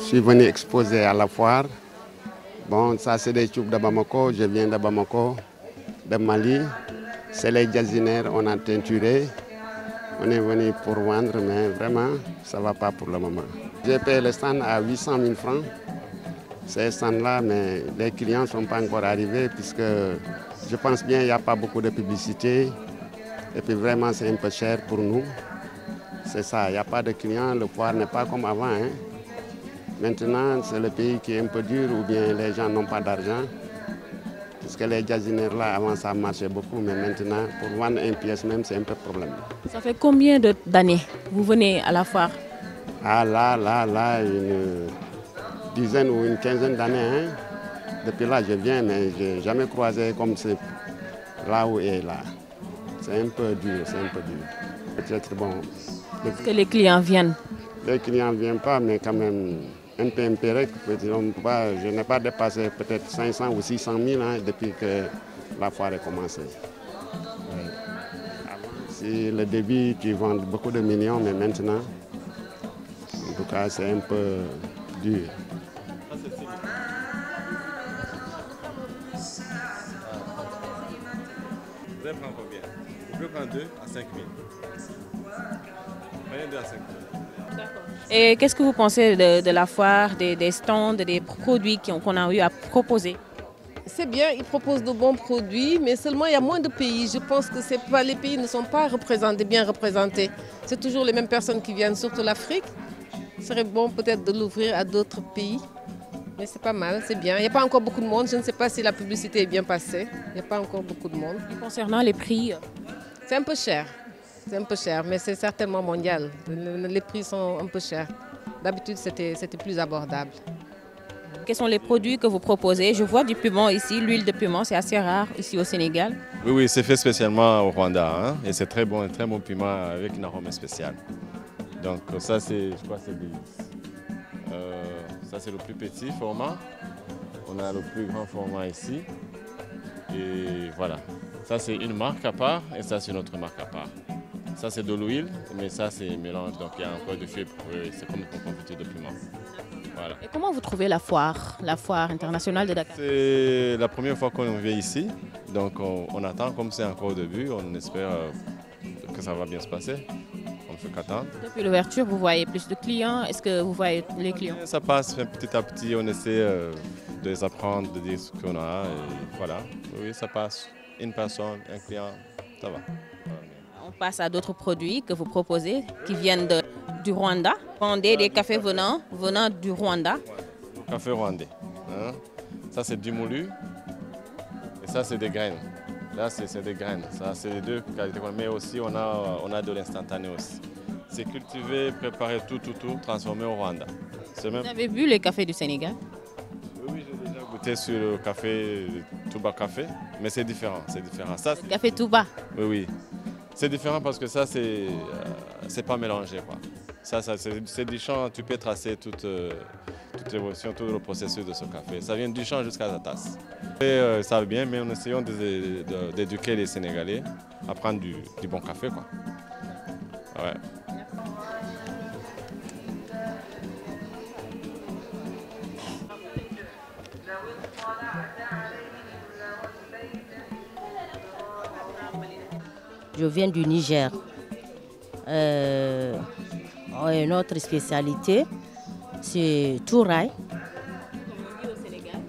Je suis venu exposer à la foire. Bon, ça c'est des tubes de Bamako, je viens de Bamako, de Mali. C'est les gazinères, on a teinturé. On est venu pour vendre, mais vraiment, ça ne va pas pour le moment. J'ai payé le stand à 800 000 francs. Ces stands-là, mais les clients ne sont pas encore arrivés puisque je pense bien qu'il n'y a pas beaucoup de publicité. Et puis vraiment, c'est un peu cher pour nous. C'est ça, il n'y a pas de clients, le poire n'est pas comme avant. Hein. Maintenant, c'est le pays qui est un peu dur ou bien les gens n'ont pas d'argent. Parce que les jazzineurs là, avant ça marchait beaucoup, mais maintenant, pour vendre une pièce même, c'est un peu problème. Ça fait combien d'années que vous venez à la foire Ah là, là, là, une dizaine ou une quinzaine d'années. Hein. Depuis là, je viens, mais je n'ai jamais croisé comme c'est là où est là. C'est un peu dur, c'est un peu dur. Peut-être bon. Est-ce que les clients viennent Les clients ne viennent pas, mais quand même, un rek, je n'ai pas dépassé peut-être 500 ou 600 000 hein, depuis que la foire a commencé. C'est le début, qui vend beaucoup de millions, mais maintenant, en tout cas, c'est un peu dur. Vous allez prendre combien Vous pouvez prendre 2 à 5 000. Prenez 2 à 5 000. Et qu'est-ce que vous pensez de, la foire, des, stands, des produits qu'on a eu à proposer c'est bien, ils proposent de bons produits, mais seulement il y a moins de pays. Je pense que les pays ne sont pas représentés, bien représentés. C'est toujours les mêmes personnes qui viennent, surtout l'Afrique. Ce serait bon peut-être de l'ouvrir à d'autres pays. Mais c'est pas mal, c'est bien. Il n'y a pas encore beaucoup de monde. Je ne sais pas si la publicité est bien passée. Il n'y a pas encore beaucoup de monde. concernant les prix C'est un peu cher. C'est un peu cher, mais c'est certainement mondial. Les prix sont un peu chers. D'habitude, c'était plus abordable. Quels sont les produits que vous proposez Je vois du piment ici, l'huile de piment, c'est assez rare ici au Sénégal. Oui, oui, c'est fait spécialement au Rwanda. Hein. et c'est très bon, un très bon piment avec une arôme spéciale. Donc ça, c'est, je crois, c'est euh, ça, c'est le plus petit format. On a le plus grand format ici. Et voilà. Ça, c'est une marque à part et ça, c'est une autre marque à part. Ça, c'est de l'huile, mais ça, c'est mélange. Donc, il y a encore de fibres. c'est comme une confiture de piment. Et comment vous trouvez la foire, la foire internationale de Dakar C'est la première fois qu'on vient ici. Donc, on, attend, comme c'est encore au début, on espère euh, que ça va bien se passer. On ne fait qu'attendre. Depuis l'ouverture, vous voyez plus de clients. Est-ce que vous voyez les clients Ça passe petit à petit. On essaie euh, de les apprendre, de dire ce qu'on a. voilà. Oui, ça passe. Une personne, un client, ça va passe à d'autres produits que vous proposez qui viennent du Rwanda. Vous les des cafés venant, venant du Rwanda. Café rwandais. Hein? Ça, c'est du moulu. Et ça, c'est des graines. Là, c'est des graines. Ça, c'est les deux qualités. Mais aussi, on a, on a de l'instantané aussi. C'est cultivé, préparé tout, tout, tout, transformé au Rwanda. Vous avez vu le café du Sénégal Oui, j'ai déjà goûté sur le café Touba Café, mais c'est différent, c'est différent. Ça, le café Touba Oui, oui. C'est différent parce que ça, c'est euh, c'est pas mélangé. Quoi. Ça, c'est du champ, tu peux tracer euh, toute, l'évolution, tout le processus de ce café. Ça vient du champ jusqu'à la tasse. Et, euh, ça va bien, mais nous essayons d'éduquer les Sénégalais à prendre du, bon café. Quoi. Ouais. Je viens du Niger. Euh, une autre spécialité, c'est Comme Sénégal.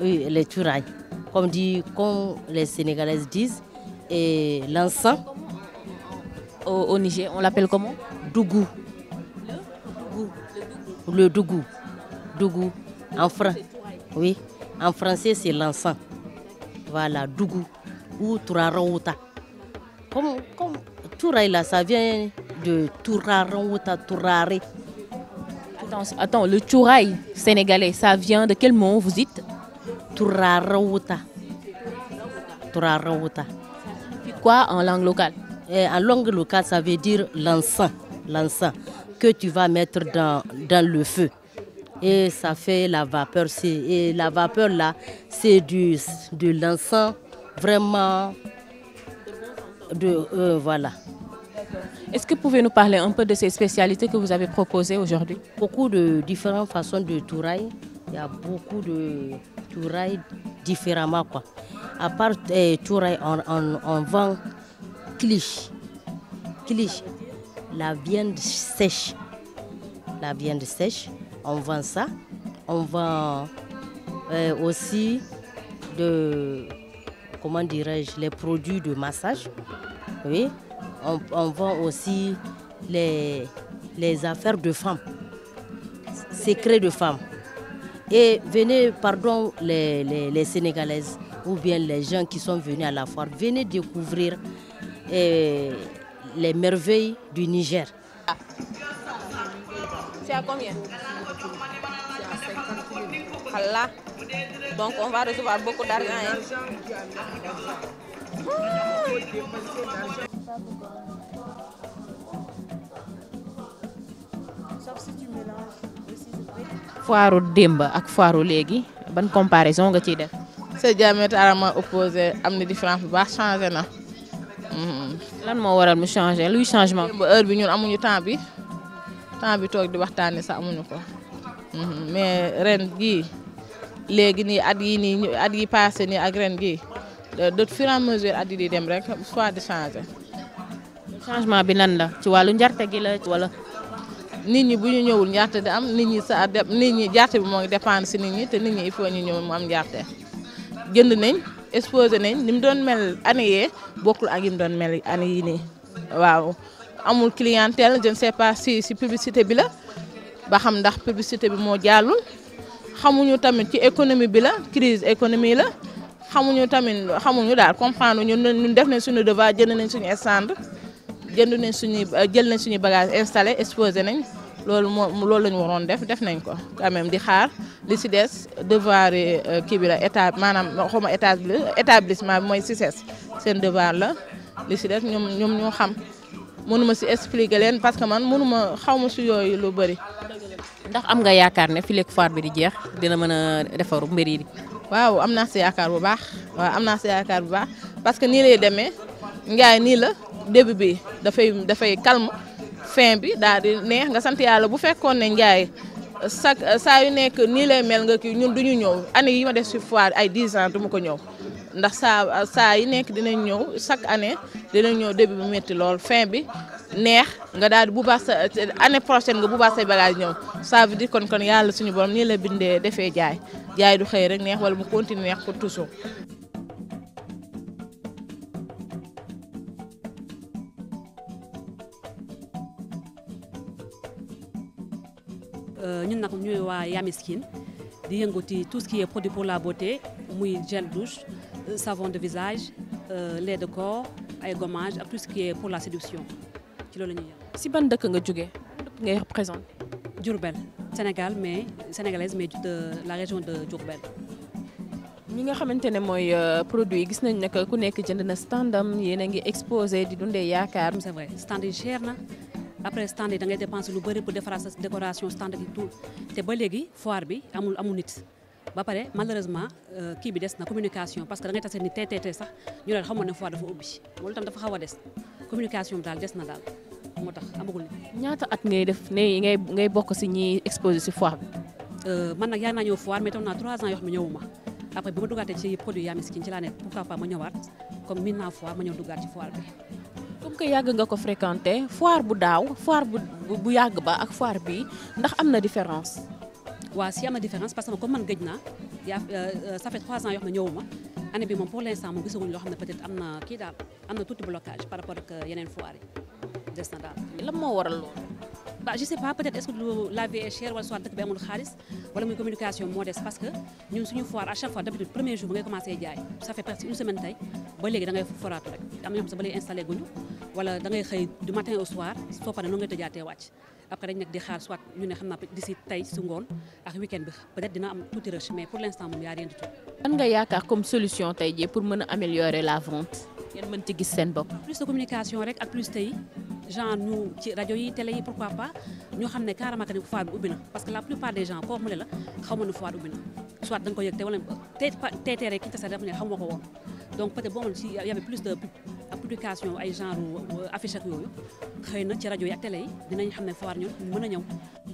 Oui, les Touraï. Comme, dit, comme les Sénégalaises disent, et l'encens. Au, Niger, on l'appelle comment Dougou. Le Dougou. Dougou. En, français, oui. en français, c'est l'encens. Voilà, Dougou. Ou Tourarouta. Comme, ça vient de Tourarouta, Touraré. Attends, attends, le Touraï sénégalais, ça vient de quel mot vous dites Tourarouta. Tourarouta. Quoi en langue locale En langue locale, ça veut dire l'encens, l'encens que tu vas mettre dans, dans le feu et ça fait la vapeur. Et la vapeur là, c'est du, de l'encens vraiment euh, voilà. Est-ce que vous pouvez nous parler un peu de ces spécialités que vous avez proposées aujourd'hui Beaucoup de différentes façons de touraille. Il y a beaucoup de touraille différemment. Quoi. À part euh, touraille, on, vend cliché. Cliché, la viande sèche. La viande sèche, on vend ça. On vend euh, aussi de comment dirais-je, les produits de massage. Oui. On, vend aussi les, les affaires de femmes, secrets de femmes. Et venez, pardon, les, les, Sénégalaises ou bien les gens qui sont venus à la foire, venez découvrir euh, les merveilles du Niger. C'est à combien C'est Donc on démb ak foiru léegi ban comparaison nga ciy def. sa diamétralement opposé am na différence bu baax changé na. Mhm. lan moo waral mu changé luy changement. ba heure bi ñun amuñu temps bi temps bi toog di waxtaanee sax amuñu ko mhm. mais ren gii. léegi nii at yi nii at yi passé nii ak ren gii de fur et à mesure at yi di dem rek soit di changé. changement bi nan la ci wàllu njarte gi la wala. nit ñi bu ñu ñëwul njarte di am nit ñi sa nit ñi njarte bi moo ngi dépendre si nit ñi te nit ñi il faut ñu ñëw mu am njarte jënd nañ exposé nañ ni mu doon mel année yee bokkul ak yi mu doon mel année yi nii waaw amul clientèle je ne sais pas si si publicité bi la ba xam ndax publicité bi moo jàllul. xamuñu tamit ci économie bi la crise économie la xamuñu tamit xamuñu daal comprendre ñun ñun def nañ suñu devoir jënd nañ suñu stand jënd nañ suñuy euh, jël nañ suñuy bagage installé exposé nañ loolu moo loolu la ñu waroon def def nañ ko même di xaar li si des devoir euh, kii bi la état maanaam xaw ma établissement bi mooy CICES seen devoir la li si des ñoom ñoom ñoo xam mënuma si explique leen parce que man mënuma xaw ma si yooyu lu bëri. ndax am nga yaakaar ne fileeg foire bi di jeex dina mën a defaru mbir yi. waaw am naa si yaakaar bu baax waaw am naa si yaakaar bu baax parce que nii lay demee ngaay nii la début bi dafay dafay calme fin bi daal di neex nga sant yàlla bu fekkoon ne ngaay chaque saa yu nekk nii lay mel nga kii ñun du duñu ñëw année yi ma def si foire ay 10 ans du ma ko ñëw ndax saa saa yi nekk dinañ ñëw chaque année dina ñëw début bi métti lool fin bi L'année nga prochaine nga bu bagage ñëw ça veut dire kon kon yàlla suñu borom ni la bindee defee jaay jaay du xey rek neex wala mu continuer neex pour toujours. Euh, ñun sommes ñuy waa Yamiskin di tout ce qui est produit pour la beauté muy gel douche euh, savon de visage euh, lait de corps ay gommage tout ce qui est pour la séduction si ban dëkk nga jógee dëkk ngay représenté. Djourbel Sénégal mais sénégalaise mais de la région de Djourbel ñi nga xamantene moy euh, produit gis nañ nak ku nekk jënd na standam yéen a ngi exposé di dundé yaakaar. c'est vrai stand yi cher na après stand yi da ngay dépenser lu bëri pour defaraat sa décoration stand tout té ba légui foire bi amul amul nit. ba paré malheureusement euh, ki bi dess na communication parce que da ngay tassé ni tété tey sax ñu ne la xamoon foire dafa ubbi loolu tam dafa xawa dess des communication bi daal na daal moo tax amagul ñaata at ngay def ne ngay ngay bokk si ñi exposé si foire bi. Euh, man nak yaa naa ñëw foire mais tam naa 3 ans yoo xam ne ñëwuma après bi ma duggaatee ci produit yaa miskin ci laa ne pourquoi pas ma ñëwaat comme min naa foire ma ñëw duggaat ci foire bi. comme que yàgg nga ko fréquenté foire bu daaw foire bu bu yàgg ba ak foire bi ndax am na différence. waaw si am na différence parce que comme man gëj naa yaa euh, euh, ça fait 3 ans yoo xam ne ñëwuma année bi moom pour l' instant moom gisaguñ loo xam ne peut être am na kii daal am na tuuti blocage par rapport ak yeneen foire yi des na daal lan waral bah je sais pas peut-être est-ce que la vie est chère wala soit dëkk bi amul xaalis wala muy communication moo parce que ñun suñu foire à chaque fois d'habitude premier jour on ngay commencé jaay ça fait presque une semaine tey ba léegi da ngay foraatu rek am na installé guñu wala da ngay xëy du matin au soir soo paree noonu de tëjaatee wàcc après dañ a di xaar soit ñu ne xam d'ici tey su ngoon ak week-end bi peut-être dina am tuuti rush mais pour l'instant on n'y a rien du tout. lan nga yaakaar comme solution tey pour mën améliorer la vente plus de communication rek ak plus tey genre nous ci rajo yi télé yi pourquoi pas ñu xamné ne carrément que ne foire parce que la plupart des gens koo mu ne la xaw ma ne foire ubbi soit dang ko yëg te wala té tey rek ki tasa dafa ne xaw ma ko donc peut être bon xam ne si y avait plus de publication ay genre euh, affiche ak yoyu xeyna ci radio yi télé yi dinañ xamné ne ñu mëna ñew